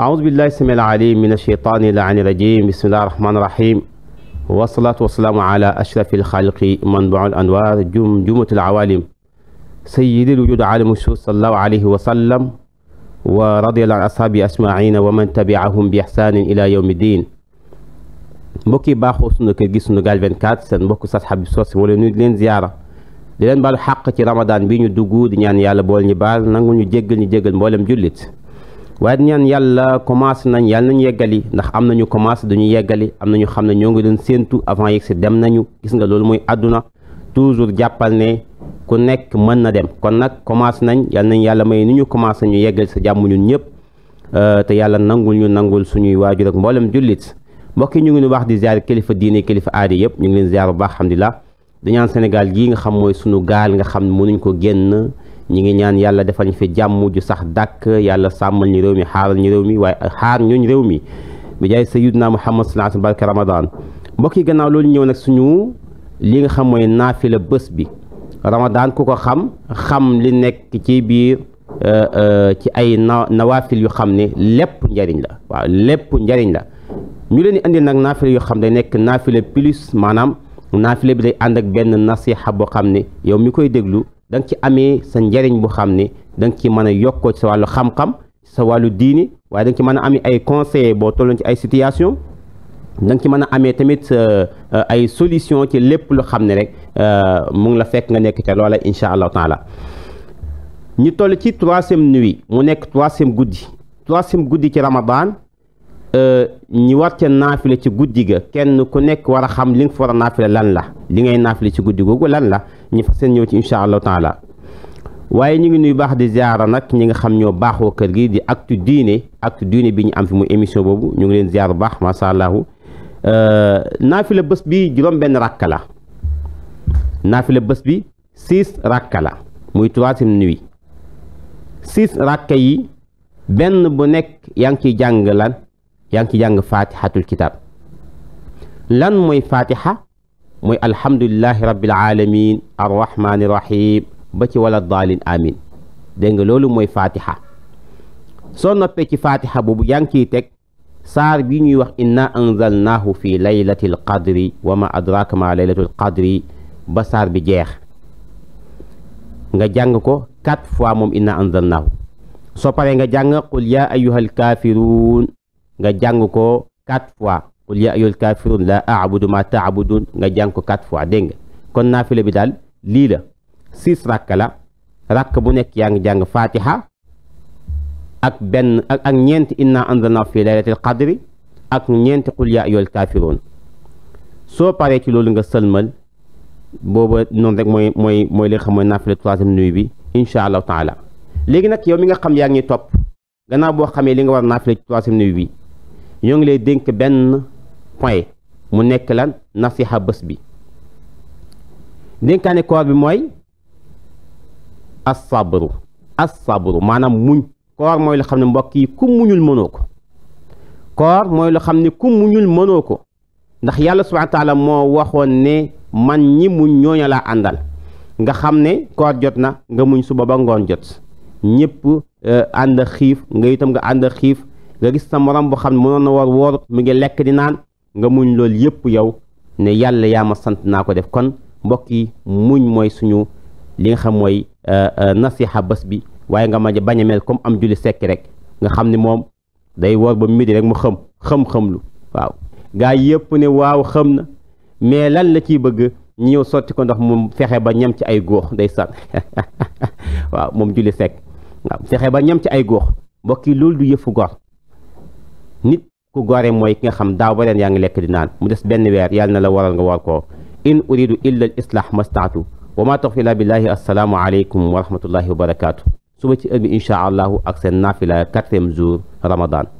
أعوذ بالله السميع العليم من الشيطان اللعين الرجيم بسم الله الرحمن الرحيم والصلاة والسلام على أشرف الخلق منبع الأنوار جمجمة العوالم سيد الوجود عالم الشهود صلى الله عليه وسلم ورضي الله عن أصحابه أجمعين ومن تبعهم بإحسان إلى يوم الدين mbokki baaxoo sunu kër gi sunu gaal 24 seen mbokk sat Habib Socé wala ñu leen ziyaara di leen baalu xàq ci ramadan bi ñu dugg di ñaan yàlla bool ñu baal nangu ñu jéggal ñu jéggal mboolem jullit waaye ñaan yàlla commencé nañ yàlla nañu yeggali ndax am nañu commencé duñu yeggali am nañu xam ne ñoo ngi doon séentu avant yegg si dem nañu gis nga loolu mooy àdduna toujours jàppal ne ku nekk mën na dem kon nag commencé nañ yàlla nañ yàlla may ni ñu commencé ñu yeggali sa jàmm ñun ñëpp euh, te yàlla nangul ñu nangul suñuy waajur ak mboolem jullit mbokk yi ñu ngi nu wax di ziar kilifa diine kilifa aada yëpp ñu ngi leen ziar bu baax alhamdulilah di ñaan Sénégal gii nga xam mooy suñu gaal nga xam mënuñ ko génn ñi ngi ñaan yàlla defal ñu fi jàmm ju sax dàkk yàlla sàmmal ñu réew mi xaaral ñu réew mi waaye xaar ñooñ réew mi bi jaay sayyidina Muhammad sallallahu alayhi wa sallam barke Ramadan mbokk yi gannaaw loolu ñëw nag suñu li nga xam mooy naafila bës bi Ramadan ku ko xam xam li nekk ci biir euh, euh, ci ay na nawaafil yu xam ne lépp njariñ la waaw lépp njariñ la ñu leen di andil nag naafila yoo xam ne nekk naafila plus maanaam naafila bi day ànd ak benn nasiha boo xam ne yow mi koy déglu. da nga ci amee sa njariñ bu xam ni danga nga ci mën a yokkoo ci sa wàllu xam-xam sa wàllu diini waaye da ci mën a amee ay conseil boo tolloon ci ay situation da nga ci mën a amee tamit euh, euh, ay solution ci lépp lu xam ne rek euh, mu ngi la fekk nga nekk ca loola incha allahu taala ñu toll ci troisième nuit mu nekk troisième guddi troisième guddi ci ramadan ñi war ca naafile ci guddi ga kenn ku nekk war a xam li nga fa war a naafile lan la li ngay naafile ci guddi googu lan la ñi fa seen ñëw ci incha allahu taala waaye ñu ngi nuyu baax di ziara nag ñi nga xam ñoo baaxoo kër gi di actu diine actu diine bi ñu am fi muy émission boobu ñu ngi leen ziar bu baax macha allah euh, naafila bi juróom-benn la naafila bés bi six rakka la muy troisième nuit six rakka yi benn bu nekk yaa ngi ciy jàng lan yaa ngi ciy jàng faatihatul kitab lan mooy faatiha muy alhamdulilahi rabbil alamin arrahmani ba ci wala daalin amin dégg nga loolu mooy fatiha soo noppee ci fatiha boobu yaa ngi teg saar bi ñuy wax inna anzalnaahu fi laylatil qadri wa ma adraka ma laylatul qadri ba saar bi jeex nga jàng ko quatre fois moom inna anzalnaahu soo paree nga jàng ko quatre fois qul ya ayyul kafirun la a'budu ma ta'budun nga jàng ko quatre fois dégg nga kon naafila bi daal lii la six rakk la rakk bu nekk yaa ngi jàng fatiha ak benn ak ak ñeenti inna anzalna fi laylatil qadri ak ñeenti qul ya ayyul soo paree ci loolu nga sëlmal booba noonu rek mooy mooy mooy li nga xam mooy naafila troisième bi incha allahu taala léegi nag yow mi nga xam yaa ngi topp gannaaw boo xamee li nga war a ci troisième nuit point mu nekk lan nasiha bés bi ndénkaane koor bi mooy asabru asabru maanaam muñ koor mooy loo xam ne mbokk yi ku muñul mënoo ko koor mooy loo xam ne ku muñul mënoo ko ndax yàlla subhana moo waxoon ne man ñi mu ñooña laa àndal nga xam ne koor jot na nga muñ suba ba ngoon jot ñëpp euh, ànd xiif nga itam nga ànd xiif nga gis sa morom boo xam ne mënoon na war woor mu ngi lekk di naan nga muñ loolu yépp yow ne yàlla yaa ma sant naa ko def kon mbokk yi muñ mooy suñu li nga xam mooy euh, euh, nasiha bés bi waaye nga ma bañ mel comme am julli sekki rek nga xam ni moom day woor ba midi rek mu xam xam-xam lu waaw gaa yépp ne waaw xam na mais lan la ciy bëgg ñu ñëw sotti ko ndox mu fexe ba ñam ci ay góox day san waaw moom julli sekk fexe ba ñam ci ay góox mbokk yi loolu du yëfu gor nit ku gore mooy ki nga xam daaw ba ren yaa ngi lekk di naan mu des benn weer yàlla na la waral nga war koo in uridu illa al islah mastaatu wa ma tawfiq illa billahi assalaamu aleykum wa rahmatullahi wa barakaatu suba ci heure bi incha allahu ak seen naafila quatrième jour ramadan